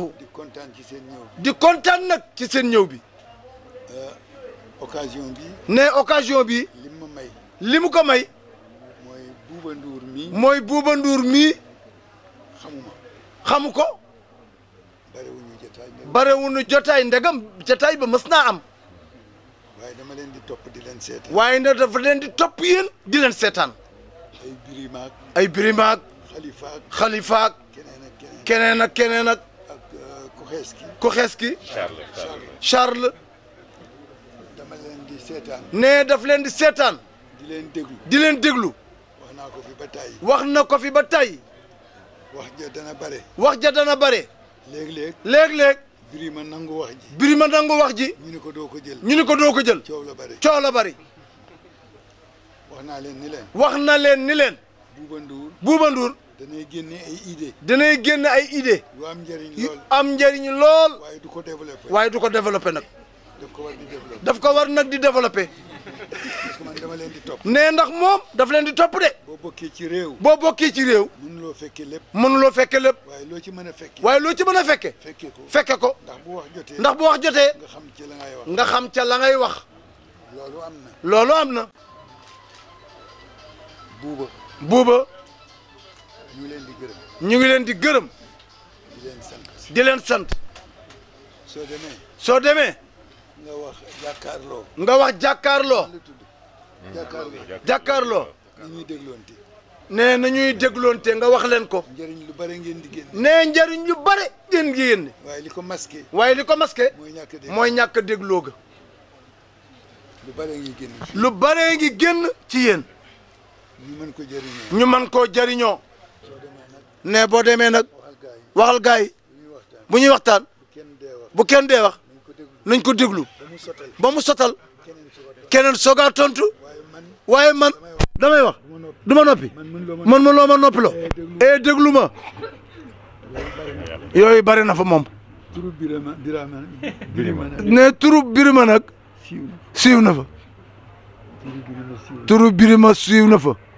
di kontaan seen ñëw bi di kontaan nag ci seen ñëw bi. Euh, occasion bi. ne occasion bi. li mu may li mu ko may. mooy buuba nduur mii. mooy buuba nduur mii. xamuma xamu ko. barewuñu jotaay ndegam jotaay ndegam jotaay ba mës naa am. waaye dama leen di topp di leen seetaan. waaye nag dafa leen di topp yéen di leen seetaan. ay birimaak ay birimaak. ku xees ki Charles dama leen di daf leen di seetaan di leen déglu di leen déglu wax naa ko fi wax na ko fi ba tey wax ja dana bare wax ja dana bare léeg-léeg léeg-léeg birima nangu wax ji birima nangu wax ji ñu ni ko doo ko jël ñu ni ko doo ko jël coow la bari coow la bari wax naa leen ni leen wax na leen ni leen buuba nduur danay génne ay idée danay génne ay idée am jariñ lool am njëriñ lool. waaye du ko développé waaye du ko daf ko war nak di développer né ndax mom daf leen di top dé bo bokké ci réew. bo bokké ci réew. mënuloo fekkee lépp. mënuloo fekkee lépp. waaye lo ci mëna a fekkee. lo ci mëna a fekkee. ko fekkee ko. ndax bu wax jotee. ndax bu wax jotee. nga xam ci la ngay wax. nga xam ci la ngay wax. loolu amna na. loolu am na. buuba. buuba. ñu ngi leen di gërëm. di leen sant. so leen so soo nga wax jakarlo nga wax jàkkaarloo. jàkkaarloo jàkkaarloo. ni ñuy dégloonte. nee nga wax leen ko. ñariñ lu bari ngeen di genn né ñariñ lu bari ngeen di génne. way liko masqué. way liko masqué. moy ñak a ga. lu bari ngi genn lu bari ngi genn ci yéen. ñu man ko jariño ñu man ko jariño ne boo demee nag waxal gars yi bu ñuy waxtaan bu kenn dee wax nañ ko déglu ba mu sotal keneen soogaa tontu waaye man damay wax du ma noppi man man loo ma noppi loo e déglu ma yooyu bari na fa moom ne turu birima nag siiw na fa turu birima siiw na fa